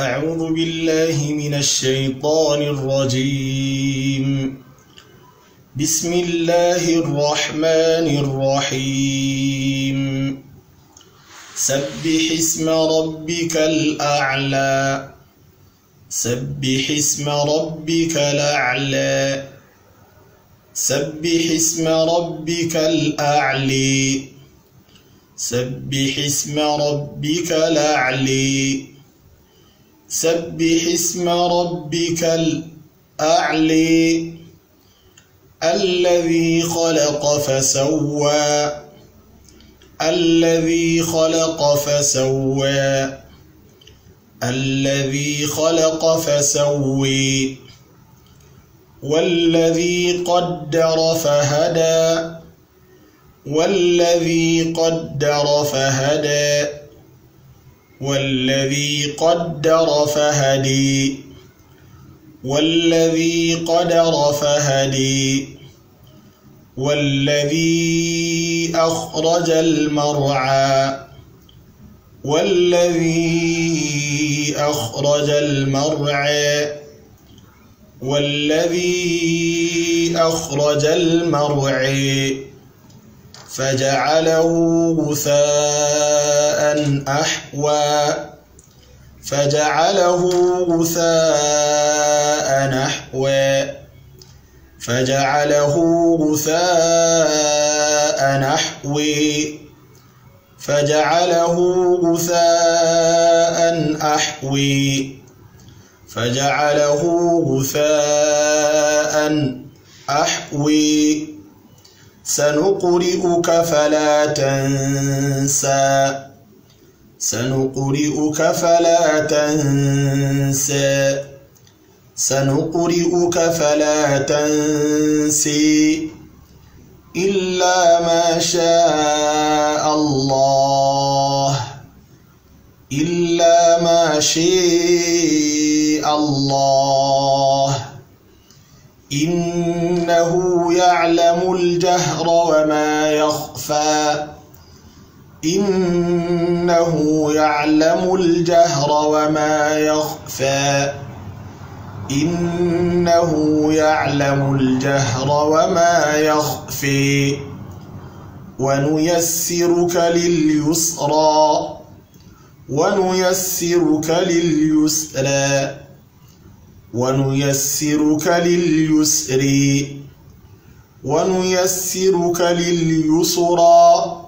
أعوذ بالله من الشيطان الرجيم بسم الله الرحمن الرحيم سبح اسم ربك الأعلى سبح اسم ربك الأعلى سبح اسم ربك الأعلي سبح اسم ربك الأعلي سبح اسم ربك الأعلي الذي خلق فسوى الذي خلق فسوى الذي خلق فسوي والذي قدر فهدى والذي قدر فهدى والذي قدر فهدي والذي قدر فهدي والذي أخرج المرعى والذي أخرج المرعى والذي أخرج المرعى فجعله غثاء أحوى فجعله غثاء نحوى فجعله غثاء نحوي فجعله غثاء أحوي فجعله غثاء أحوي سنقرئك فلا تنسى سنقرئك فلا تنسى سنقرئك فلا تنسي إلا ما شاء الله إلا ما شاء الله إنه يعلم الجهر وما يخفى إنه يعلم الجهر وما يخفى إنه يعلم الجهر وما يخفي ونيسرك لليسرى ونيسرك لليسرى ونيسرك لليسر ونيسرك لليسرى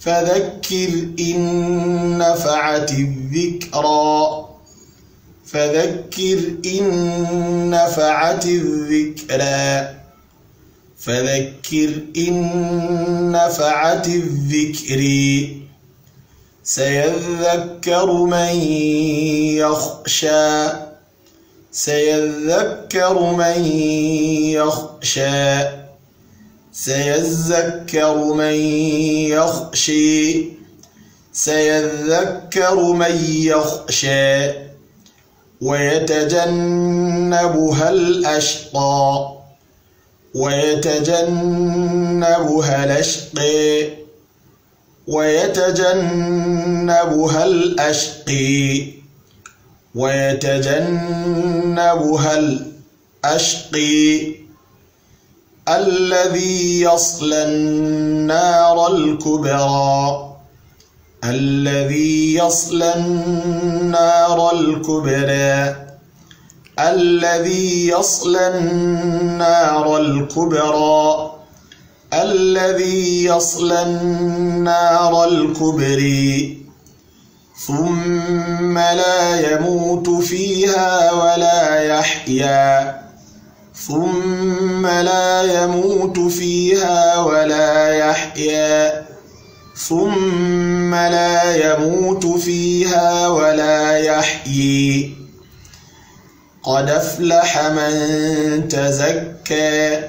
فذكر إن نفعت الذكرى فذكر إن نفعت الذكرى فذكر إن نفعت الذكر سيذكر من يخشى سيذكر من يخشى سيذكر من يخشي سيذكر من يخشى ويتجنبها الأشقى ويتجنبها الأشقى ويتجنبها الأشقي ويتجنبها الأشقي الذي يصلى النار الكبرى الذي يصلى النار الكبرى الذي يصلى النار الكبرى الذي يصلى النار الكبري ثم لا يموت فيها ولا يحيا ثم لا يموت فيها ولا يحيا ثم لا يموت فيها ولا يحيي قد أفلح من تزكى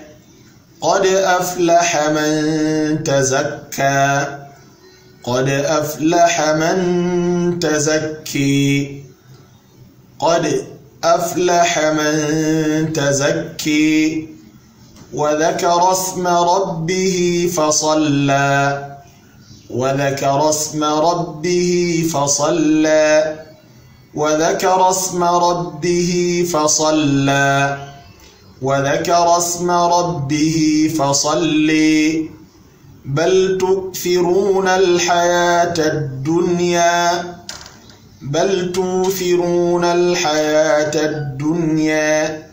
قد أفلح من تزكى قد أفلح من تزكي قد أفلح من تزكي وذكر اسم ربه فصلى وذكر اسم ربه فصلى وذكر اسم ربه فصلى وذكر اسم ربه فصلي بل تؤثرون الحياة الدنيا بل توثرون الحياة الدنيا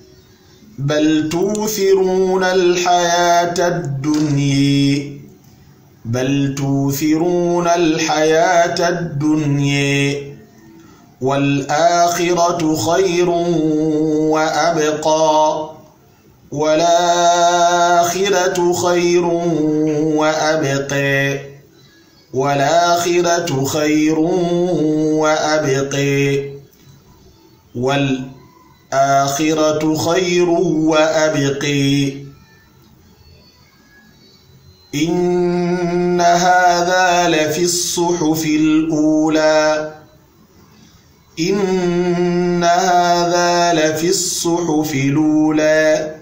بل توثرون الحياة الدنيا بل توثرون الحياة الدنيا والآخرة خير وأبقى والآخرة خير وأبقي والآخرة خير وأبقي والآخرة خير وأبقي إن هذا لفي الصحف الأولى إن هذا لفي الصحف الأولى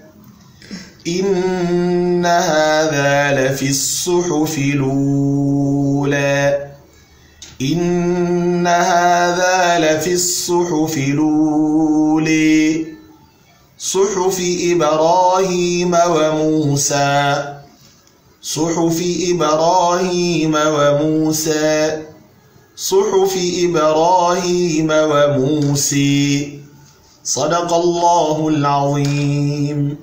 إن هذا لفي الصحف الأولى إن هذا لفي الصحف الأولى صحف إبراهيم وموسى صحف إبراهيم وموسى صحف إبراهيم وموسى صدق الله العظيم